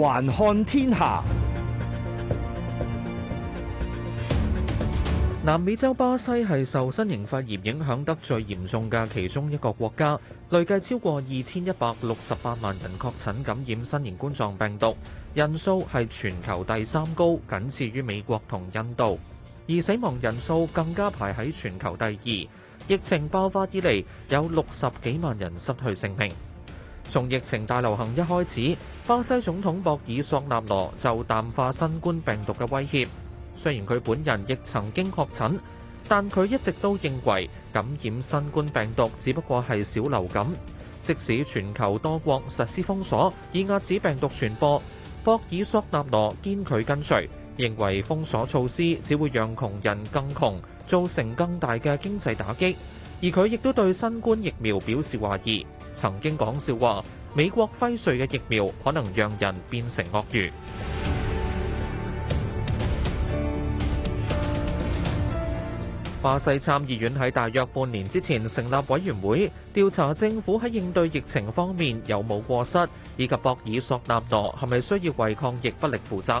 環看天下，南美洲巴西係受新型肺炎影響得最嚴重嘅其中一個國家，累計超過二千一百六十八萬人確診感染新型冠狀病毒，人數係全球第三高，僅次於美國同印度，而死亡人數更加排喺全球第二。疫情爆發以嚟，有六十幾萬人失去性命。從疫情大流行一開始，巴西總統博爾索納羅就淡化新冠病毒嘅威脅。雖然佢本人亦曾經確診，但佢一直都認為感染新冠病毒只不過係小流感。即使全球多國實施封鎖，以壓止病毒傳播，博爾索納羅堅拒跟隨，認為封鎖措施只會讓窮人更窮，造成更大嘅經濟打擊。而佢亦都對新冠疫苗表示懷疑，曾經講笑話美國輝瑞嘅疫苗可能讓人變成鱷魚。巴西參議院喺大約半年之前成立委員會，調查政府喺應對疫情方面有冇過失，以及博爾索納羅係咪需要為抗疫不力負責。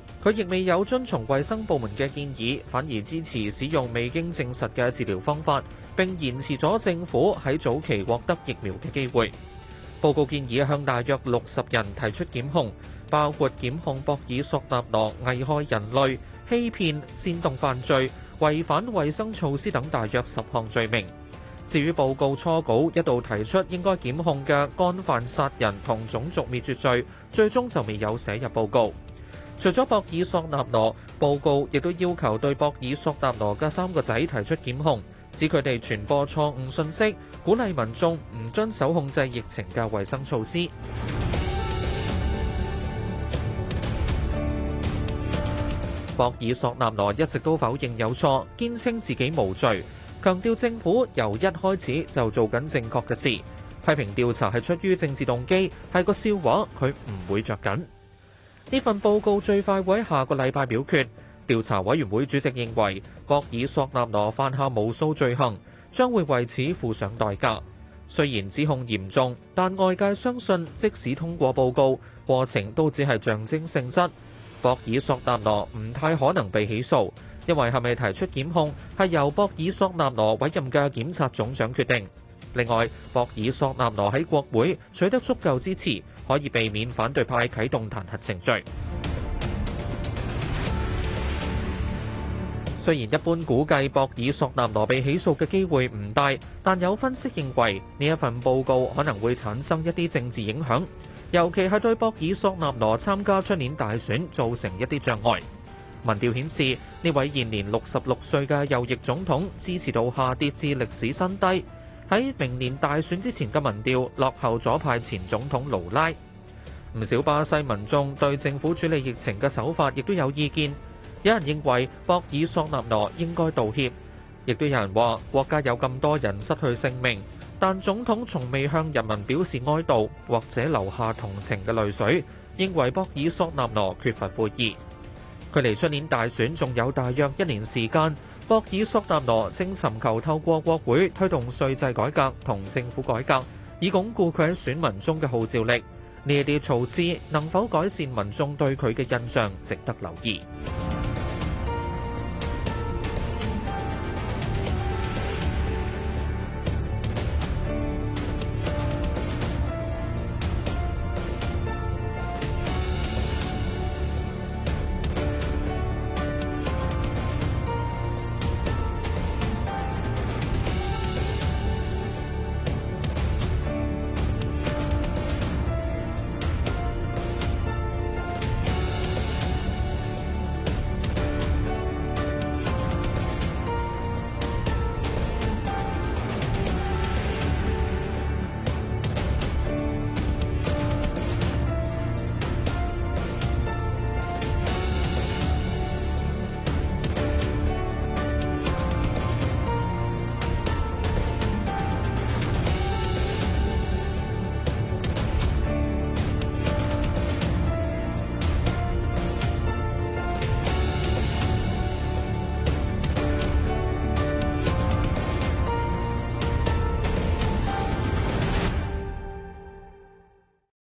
佢亦未有遵從衛生部門嘅建議，反而支持使用未經證實嘅治療方法，並延遲咗政府喺早期獲得疫苗嘅機會。報告建議向大約六十人提出檢控，包括檢控博爾索納羅危害人類、欺騙、煽動犯罪、違反衛生措施等大約十項罪名。至於報告初稿一度提出應該檢控嘅干犯殺人同種族滅絕罪，最終就未有寫入報告。除咗博爾索納羅，報告亦都要求對博爾索納羅嘅三個仔提出檢控，指佢哋傳播錯誤信息，鼓勵民眾唔遵守控制疫情嘅衛生措施。博爾索納羅一直都否認有錯，堅稱自己無罪，強調政府由一開始就做緊正確嘅事，批評調查係出於政治動機，係個笑話，佢唔會着緊。呢份報告最快會喺下個禮拜表決。調查委員會主席認為博爾索納羅犯下無數罪行，將會為此付上代價。雖然指控嚴重，但外界相信即使通過報告，過程都只係象徵性質。博爾索納羅唔太可能被起訴，因為係咪提出檢控係由博爾索納羅委任嘅檢察總長決定。另外，博爾索納羅喺國會取得足夠支持，可以避免反對派啟動彈劾程序。雖然一般估計博爾索納羅被起訴嘅機會唔大，但有分析認為呢一份報告可能會產生一啲政治影響，尤其係對博爾索納羅參加出年大選造成一啲障礙。民調顯示，呢位現年六十六歲嘅右翼總統支持度下跌至歷史新低。喺明年大選之前嘅民調落後，左派前總統盧拉。唔少巴西民眾對政府處理疫情嘅手法亦都有意見。有人認為博爾索納羅應該道歉，亦都有人話國家有咁多人失去性命，但總統從未向人民表示哀悼或者流下同情嘅淚水，認為博爾索納羅缺乏悔意。距離出年大選仲有大約一年時間，博爾索納羅正尋求透過國會推動稅制改革同政府改革，以鞏固佢喺選民中嘅號召力。呢啲措施能否改善民眾對佢嘅印象，值得留意。